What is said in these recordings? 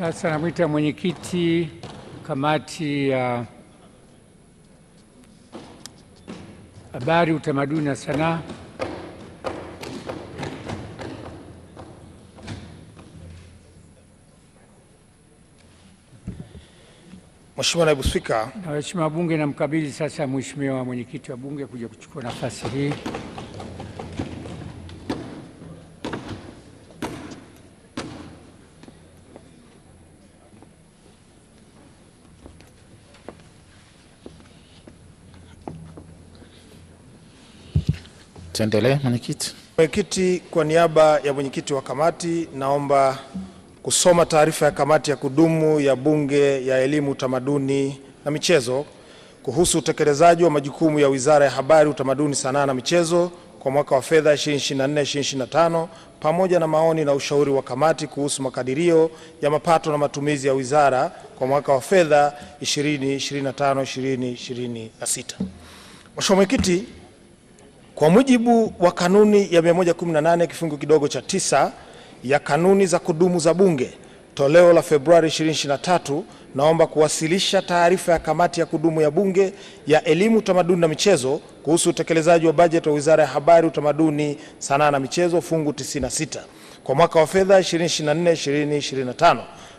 Sasa namwita mwenyekiti kamati ya uh, habari, utamaduni na sanaa, Mheshimiwa Naibu Spika. Na waheshimiwa wabunge, namkabidhi sasa mheshimiwa mwenyekiti wa bunge kuja kuchukua nafasi hii. Tuendelee mwenyekiti. Mwenyekiti, kwa niaba ya mwenyekiti wa kamati naomba kusoma taarifa ya kamati ya kudumu ya Bunge ya Elimu, Utamaduni na Michezo kuhusu utekelezaji wa majukumu ya Wizara ya Habari, Utamaduni, Sanaa na Michezo kwa mwaka wa fedha 2024/2025 pamoja na maoni na ushauri wa kamati kuhusu makadirio ya mapato na matumizi ya wizara kwa mwaka wa fedha 2025/2026. Mheshimiwa Mwenyekiti, kwa mujibu wa kanuni ya 118 kifungu kidogo cha tisa ya kanuni za kudumu za Bunge toleo la Februari 2023, naomba kuwasilisha taarifa ya kamati ya kudumu ya Bunge ya Elimu, Utamaduni na Michezo kuhusu utekelezaji wa bajeti wa Wizara ya Habari, Utamaduni, Sanaa na Michezo fungu 96 kwa mwaka wa fedha 2024/2025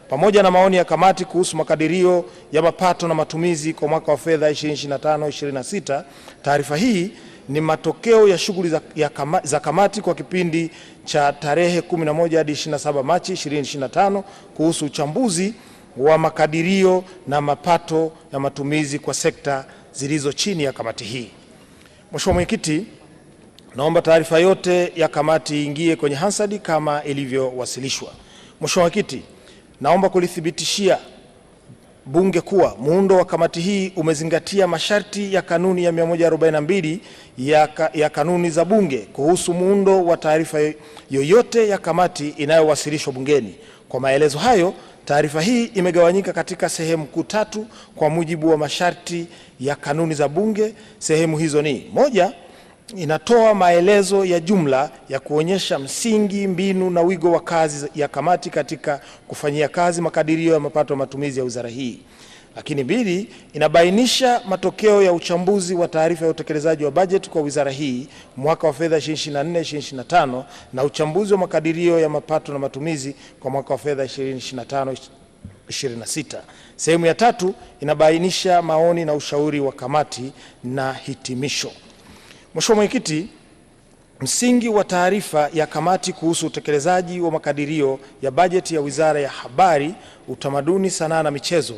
pamoja na maoni ya kamati kuhusu makadirio ya mapato na matumizi kwa mwaka wa fedha 2025/2026. Taarifa hii ni matokeo ya shughuli za, kama, za kamati kwa kipindi cha tarehe 11 hadi 27 Machi 2025 kuhusu uchambuzi wa makadirio na mapato ya matumizi kwa sekta zilizo chini ya kamati hii. Mheshimiwa Mwenyekiti, naomba taarifa yote ya kamati iingie kwenye Hansard kama ilivyowasilishwa. Mheshimiwa Mwenyekiti, naomba kulithibitishia bunge kuwa muundo wa kamati hii umezingatia masharti ya kanuni ya 142 ya, ka, ya kanuni za bunge kuhusu muundo wa taarifa yoyote ya kamati inayowasilishwa bungeni. Kwa maelezo hayo, taarifa hii imegawanyika katika sehemu kuu tatu kwa mujibu wa masharti ya kanuni za bunge. Sehemu hizo ni: moja, inatoa maelezo ya jumla ya kuonyesha msingi, mbinu na wigo wa kazi ya kamati katika kufanyia kazi makadirio ya mapato ya matumizi ya wizara hii. Lakini mbili, inabainisha matokeo ya uchambuzi wa taarifa ya utekelezaji wa bajeti kwa wizara hii mwaka wa fedha 2024 2025 na uchambuzi wa makadirio ya mapato na matumizi kwa mwaka wa fedha 2025 26. Sehemu ya tatu inabainisha maoni na ushauri wa kamati na hitimisho. Mheshimiwa Mwenyekiti, msingi wa taarifa ya kamati kuhusu utekelezaji wa makadirio ya bajeti ya Wizara ya Habari, Utamaduni, Sanaa na Michezo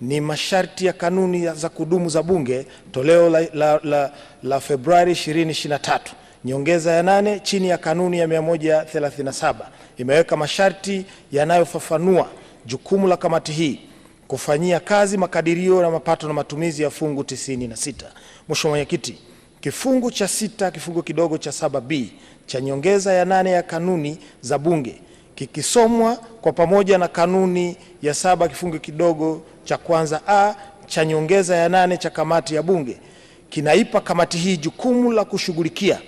ni masharti ya kanuni za kudumu za Bunge toleo la, la, la, la Februari 2023 nyongeza ya nane chini ya kanuni ya 137 imeweka masharti yanayofafanua jukumu la kamati hii kufanyia kazi makadirio na mapato na matumizi ya fungu 96. Mheshimiwa Mwenyekiti Kifungu cha sita kifungu kidogo cha saba b cha nyongeza ya nane ya kanuni za Bunge kikisomwa kwa pamoja na kanuni ya saba kifungu kidogo cha kwanza a cha nyongeza ya nane cha kamati ya Bunge kinaipa kamati hii jukumu la kushughulikia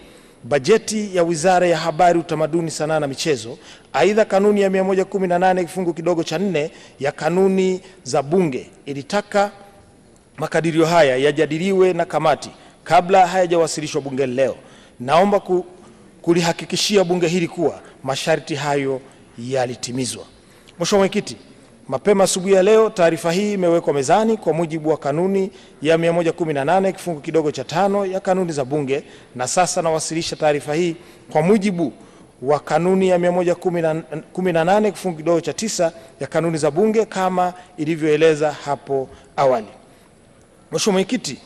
bajeti ya Wizara ya Habari, Utamaduni, Sanaa na Michezo. Aidha, kanuni ya 118 kifungu kidogo cha nne ya kanuni za Bunge ilitaka makadirio haya yajadiliwe na kamati kabla hayajawasilishwa bunge leo, naomba ku, kulihakikishia bunge hili kuwa masharti hayo yalitimizwa. Mheshimiwa Mwenyekiti, mapema asubuhi ya leo taarifa hii imewekwa mezani kwa mujibu wa kanuni ya 118 kifungu kidogo cha tano ya kanuni za Bunge, na sasa nawasilisha taarifa hii kwa mujibu wa kanuni ya 118 kifungu kidogo cha tisa ya kanuni za Bunge kama ilivyoeleza hapo awali. Mheshimiwa Mwenyekiti,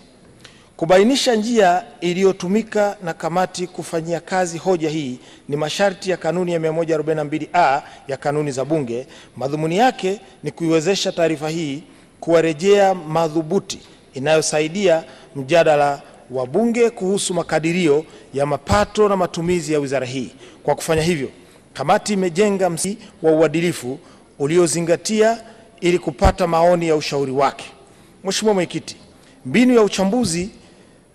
Kubainisha njia iliyotumika na kamati kufanyia kazi hoja hii ni masharti ya kanuni ya 142A ya kanuni za Bunge. Madhumuni yake ni kuiwezesha taarifa hii kuwarejea madhubuti inayosaidia mjadala wa Bunge kuhusu makadirio ya mapato na matumizi ya wizara hii. Kwa kufanya hivyo, kamati imejenga msingi wa uadilifu uliozingatia ili kupata maoni ya ushauri wake. Mheshimiwa Mwenyekiti, mbinu ya uchambuzi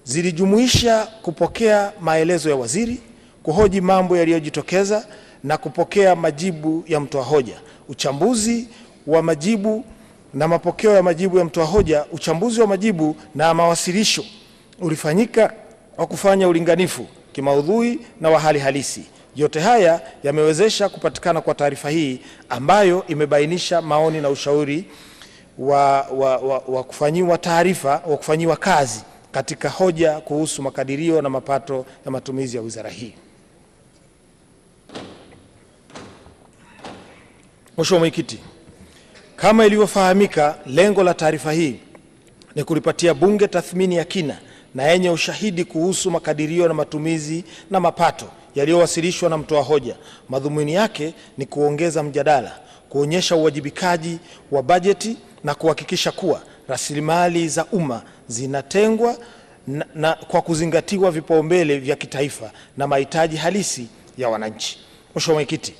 zilijumuisha kupokea maelezo ya waziri, kuhoji mambo yaliyojitokeza na kupokea majibu ya mtoa hoja, uchambuzi wa majibu na mapokeo ya majibu ya mtoa hoja. Uchambuzi wa majibu na mawasilisho ulifanyika wa kufanya ulinganifu kimaudhui na wa hali halisi. Yote haya yamewezesha kupatikana kwa taarifa hii ambayo imebainisha maoni na ushauri wa, wa, wa, wa kufanyiwa taarifa wa kufanyiwa kazi katika hoja kuhusu makadirio na mapato ya matumizi ya wizara hii. Mheshimiwa Mwenyekiti, kama ilivyofahamika, lengo la taarifa hii ni kulipatia Bunge tathmini ya kina na yenye ushahidi kuhusu makadirio na matumizi na mapato yaliyowasilishwa na mtoa hoja. Madhumuni yake ni kuongeza mjadala, kuonyesha uwajibikaji wa bajeti na kuhakikisha kuwa rasilimali za umma zinatengwa na, na kwa kuzingatiwa vipaumbele vya kitaifa na mahitaji halisi ya wananchi. Mheshimiwa Mwenyekiti,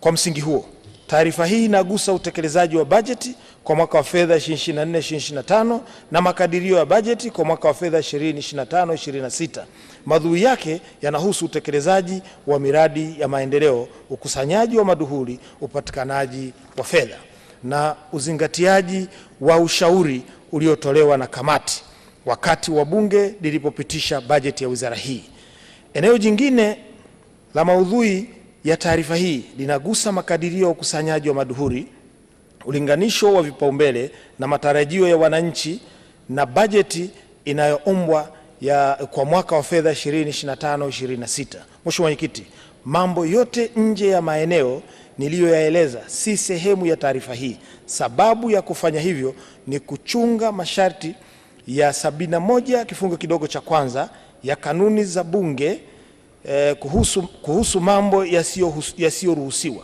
kwa msingi huo taarifa hii inagusa utekelezaji wa bajeti kwa mwaka wa fedha 2024/2025 na makadirio ya bajeti kwa mwaka wa fedha 2025/2026. Madhui yake yanahusu utekelezaji wa miradi ya maendeleo, ukusanyaji wa maduhuli, upatikanaji wa fedha na uzingatiaji wa ushauri uliotolewa na kamati wakati wa bunge lilipopitisha bajeti ya wizara hii. Eneo jingine la maudhui ya taarifa hii linagusa makadirio ya ukusanyaji wa maduhuri, ulinganisho wa vipaumbele na matarajio ya wananchi na bajeti inayoombwa ya kwa mwaka wa fedha 2025 26. Mheshimiwa Mwenyekiti, mambo yote nje ya maeneo niliyoyaeleza si sehemu ya taarifa hii. Sababu ya kufanya hivyo ni kuchunga masharti ya sabini na moja kifungu kidogo cha kwanza ya kanuni za Bunge eh, kuhusu, kuhusu mambo yasiyoruhusiwa ya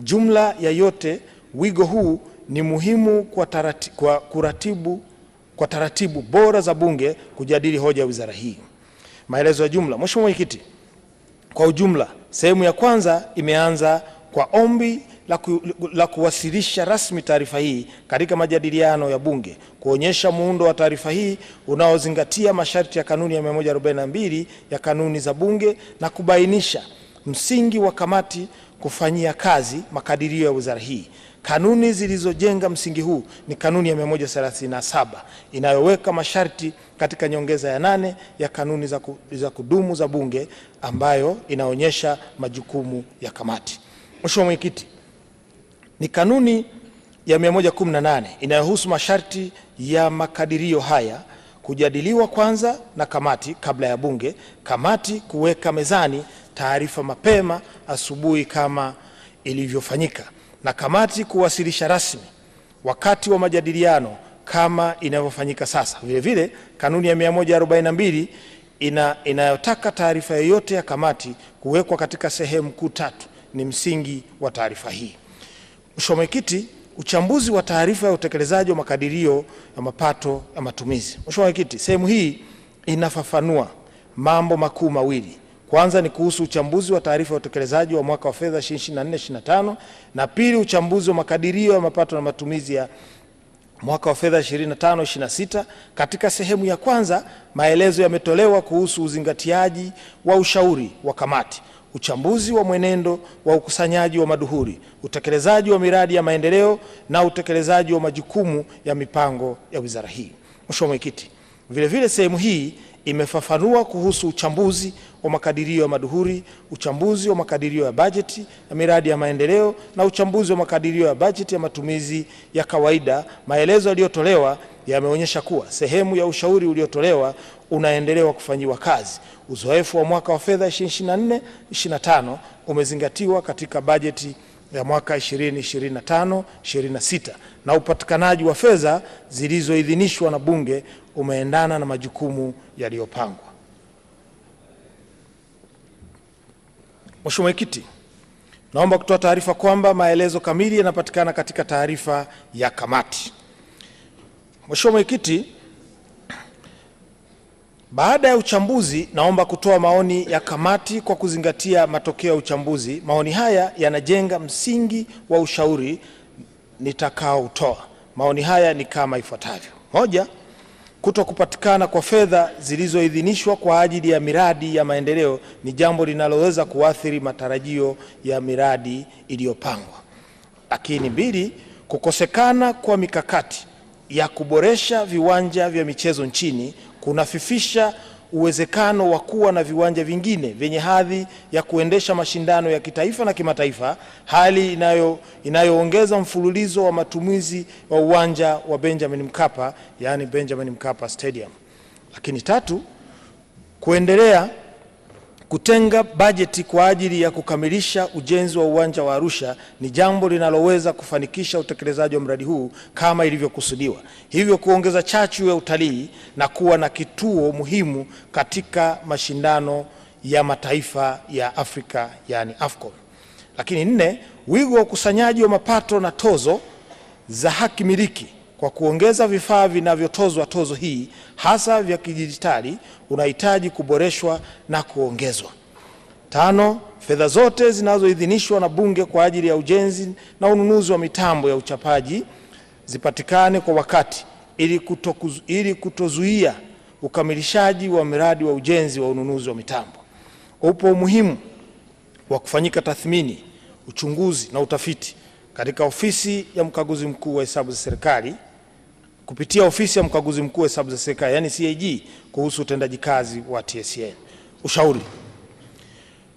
jumla ya yote. Wigo huu ni muhimu kwa, tarati, kwa, kuratibu, kwa taratibu bora za Bunge kujadili hoja ya wizara hii. Maelezo ya jumla. Mheshimiwa Mwenyekiti, kwa ujumla sehemu ya kwanza imeanza kwa ombi la, ku, la kuwasilisha rasmi taarifa hii katika majadiliano ya Bunge, kuonyesha muundo wa taarifa hii unaozingatia masharti ya kanuni ya 142 ya kanuni za Bunge na kubainisha msingi wa kamati kufanyia kazi makadirio ya wizara hii. Kanuni zilizojenga msingi huu ni kanuni ya 137 inayoweka masharti katika nyongeza ya nane ya kanuni za kudumu za Bunge ambayo inaonyesha majukumu ya kamati. Mheshimiwa Mwenyekiti, ni kanuni ya 118 inayohusu masharti ya makadirio haya kujadiliwa kwanza na kamati kabla ya Bunge, kamati kuweka mezani taarifa mapema asubuhi kama ilivyofanyika, na kamati kuwasilisha rasmi wakati wa majadiliano kama inavyofanyika sasa. Vile vile kanuni ya 142 ina inayotaka taarifa yoyote ya kamati kuwekwa katika sehemu kuu tatu ni msingi wa taarifa hii. Mheshimiwa Mwenyekiti, uchambuzi wa taarifa ya utekelezaji wa makadirio ya mapato ya matumizi. Mheshimiwa Mwenyekiti, sehemu hii inafafanua mambo makuu mawili. Kwanza ni kuhusu uchambuzi wa taarifa ya utekelezaji wa mwaka wa fedha 2024/2025 na pili, uchambuzi wa makadirio ya mapato na matumizi ya mwaka wa fedha 25-26. Katika sehemu ya kwanza, maelezo yametolewa kuhusu uzingatiaji wa ushauri wa kamati uchambuzi wa mwenendo wa ukusanyaji wa maduhuri, utekelezaji wa miradi ya maendeleo na utekelezaji wa majukumu ya mipango ya wizara hii. Mheshimiwa Mwenyekiti, vilevile sehemu hii imefafanua kuhusu uchambuzi wa makadirio ya maduhuri, uchambuzi wa makadirio ya bajeti ya miradi ya maendeleo na uchambuzi wa makadirio ya bajeti ya matumizi ya kawaida. Maelezo yaliyotolewa yameonyesha kuwa sehemu ya ushauri uliotolewa unaendelewa kufanyiwa kazi. Uzoefu wa mwaka wa fedha 2024 25 umezingatiwa katika bajeti ya mwaka 2025 26 na upatikanaji wa fedha zilizoidhinishwa na Bunge umeendana na majukumu yaliyopangwa. Mheshimiwa Mwenyekiti, naomba kutoa taarifa kwamba maelezo kamili yanapatikana katika taarifa ya kamati. Mheshimiwa Mwenyekiti, baada ya uchambuzi, naomba kutoa maoni ya kamati kwa kuzingatia matokeo ya uchambuzi. Maoni haya yanajenga msingi wa ushauri nitakaoutoa. Maoni haya ni kama ifuatavyo: moja, kuto kupatikana kwa fedha zilizoidhinishwa kwa ajili ya miradi ya maendeleo ni jambo linaloweza kuathiri matarajio ya miradi iliyopangwa. Lakini mbili, kukosekana kwa mikakati ya kuboresha viwanja vya michezo nchini kunafifisha uwezekano wa kuwa na viwanja vingine vyenye hadhi ya kuendesha mashindano ya kitaifa na kimataifa, hali inayo inayoongeza mfululizo wa matumizi wa uwanja wa Benjamin Mkapa, yani Benjamin Mkapa Stadium. Lakini tatu, kuendelea Kutenga bajeti kwa ajili ya kukamilisha ujenzi wa uwanja wa Arusha ni jambo linaloweza kufanikisha utekelezaji wa mradi huu kama ilivyokusudiwa, hivyo kuongeza chachu ya utalii na kuwa na kituo muhimu katika mashindano ya mataifa ya Afrika yani AFCON. Lakini nne, wigo wa ukusanyaji wa mapato na tozo za haki miliki kwa kuongeza vifaa vinavyotozwa tozo hii hasa vya kidijitali unahitaji kuboreshwa na kuongezwa. Tano, fedha zote zinazoidhinishwa na Bunge kwa ajili ya ujenzi na ununuzi wa mitambo ya uchapaji zipatikane kwa wakati ili, kutokuzu, ili kutozuia ukamilishaji wa miradi wa ujenzi wa ununuzi wa mitambo. Upo umuhimu wa kufanyika tathmini, uchunguzi na utafiti katika ofisi ya mkaguzi mkuu wa hesabu za serikali kupitia ofisi ya mkaguzi mkuu wa hesabu za serikali yani CAG kuhusu utendaji kazi wa TSN. Ushauri.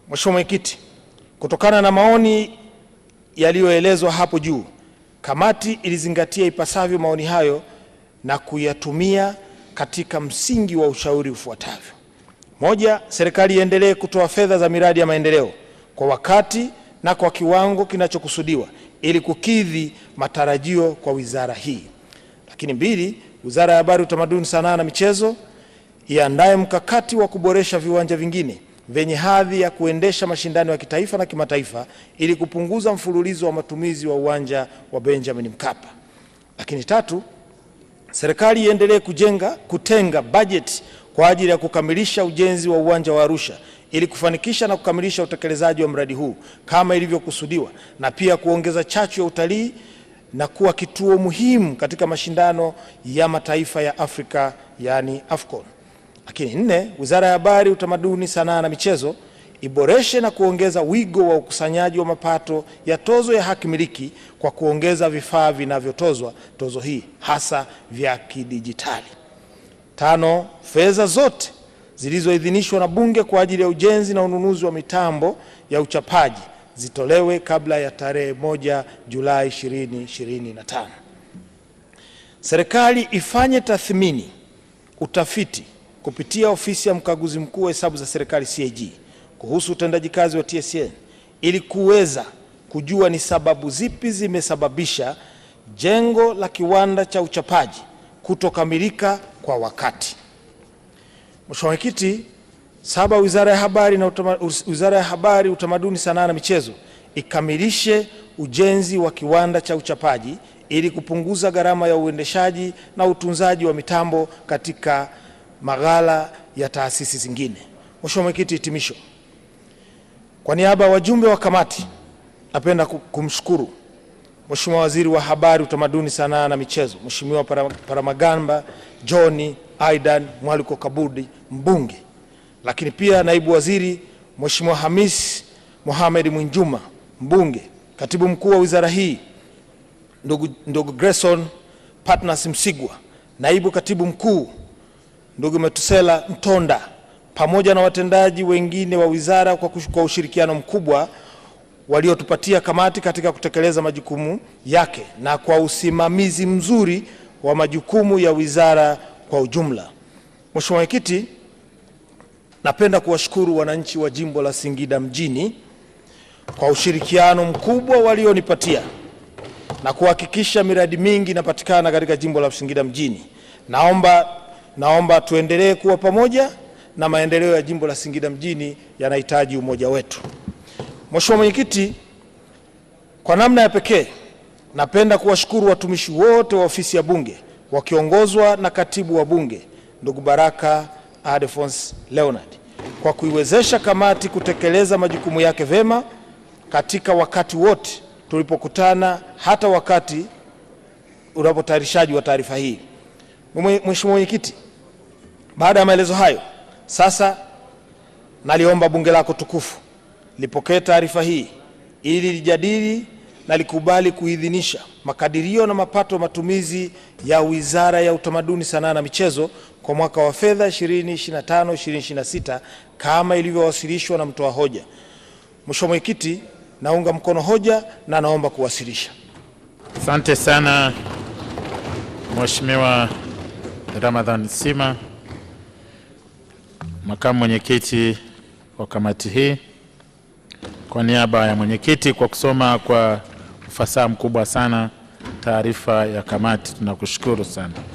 Mheshimiwa Mwenyekiti, kutokana na maoni yaliyoelezwa hapo juu, kamati ilizingatia ipasavyo maoni hayo na kuyatumia katika msingi wa ushauri ufuatavyo. Moja, serikali iendelee kutoa fedha za miradi ya maendeleo kwa wakati na kwa kiwango kinachokusudiwa ili kukidhi matarajio kwa wizara hii. Lakini mbili, Wizara ya Habari, Utamaduni, Sanaa na Michezo iandaye mkakati wa kuboresha viwanja vingine vyenye hadhi ya kuendesha mashindano ya kitaifa na kimataifa ili kupunguza mfululizo wa matumizi wa uwanja wa Benjamin Mkapa. Lakini tatu, serikali iendelee kujenga kutenga bajeti kwa ajili ya kukamilisha ujenzi wa uwanja wa Arusha ili kufanikisha na kukamilisha utekelezaji wa mradi huu kama ilivyokusudiwa na pia kuongeza chachu ya utalii na kuwa kituo muhimu katika mashindano ya mataifa ya Afrika yani AFCON. Lakini nne, Wizara ya Habari, Utamaduni, Sanaa na Michezo iboreshe na kuongeza wigo wa ukusanyaji wa mapato ya tozo ya haki miliki kwa kuongeza vifaa vinavyotozwa tozo hii hasa vya kidijitali. Tano, fedha zote zilizoidhinishwa na Bunge kwa ajili ya ujenzi na ununuzi wa mitambo ya uchapaji zitolewe kabla ya tarehe moja Julai 2025. Serikali ifanye tathmini, utafiti kupitia ofisi ya mkaguzi mkuu wa hesabu za serikali CAG kuhusu utendaji kazi wa TSN ili kuweza kujua ni sababu zipi zimesababisha jengo la kiwanda cha uchapaji kutokamilika kwa wakati. Mheshimiwa Mwenyekiti, saba, Wizara ya Habari na utama, Wizara ya Habari, Utamaduni, Sanaa na Michezo ikamilishe ujenzi wa kiwanda cha uchapaji ili kupunguza gharama ya uendeshaji na utunzaji wa mitambo katika maghala ya taasisi zingine. Mheshimiwa Mwenyekiti, hitimisho. Kwa niaba ya wajumbe wa kamati, napenda kumshukuru Mheshimiwa Waziri wa Habari, Utamaduni, Sanaa na Michezo, Mheshimiwa Paramagamba John Aidan Mwaliko Kabudi mbunge, lakini pia naibu waziri Mheshimiwa Hamis Mohamed Mwinjuma mbunge, katibu mkuu wa wizara hii ndugu, ndugu Grayson Patnas Msigwa, naibu katibu mkuu ndugu Metusela Mtonda, pamoja na watendaji wengine wa wizara kwa, kwa ushirikiano mkubwa waliotupatia kamati katika kutekeleza majukumu yake na kwa usimamizi mzuri wa majukumu ya wizara kwa ujumla. Mheshimiwa Mwenyekiti, napenda kuwashukuru wananchi wa jimbo la Singida mjini kwa ushirikiano mkubwa walionipatia na kuhakikisha miradi mingi inapatikana katika jimbo la Singida mjini. Naomba, naomba tuendelee kuwa pamoja na maendeleo ya jimbo la Singida mjini yanahitaji umoja wetu. Mheshimiwa Mwenyekiti, kwa namna ya pekee napenda kuwashukuru watumishi wote wa ofisi ya Bunge wakiongozwa na katibu wa bunge ndugu Baraka Adefons Leonard kwa kuiwezesha kamati kutekeleza majukumu yake vema katika wakati wote tulipokutana, hata wakati unapotayarishaji wa taarifa hii. Mheshimiwa Mwenyekiti, baada ya maelezo hayo, sasa naliomba bunge lako tukufu lipokee taarifa hii ili lijadili na likubali kuidhinisha makadirio na mapato matumizi ya Wizara ya Utamaduni, Sanaa na Michezo kwa mwaka wa fedha 2025 2026 kama ilivyowasilishwa na mtoa hoja. Mheshimiwa Mwenyekiti, naunga mkono hoja na naomba kuwasilisha. Asante sana Mheshimiwa Ramadhan Sima, makamu mwenyekiti wa kamati hii, kwa niaba ya mwenyekiti kwa kusoma kwa ufasaha mkubwa sana taarifa ya kamati. Tunakushukuru sana.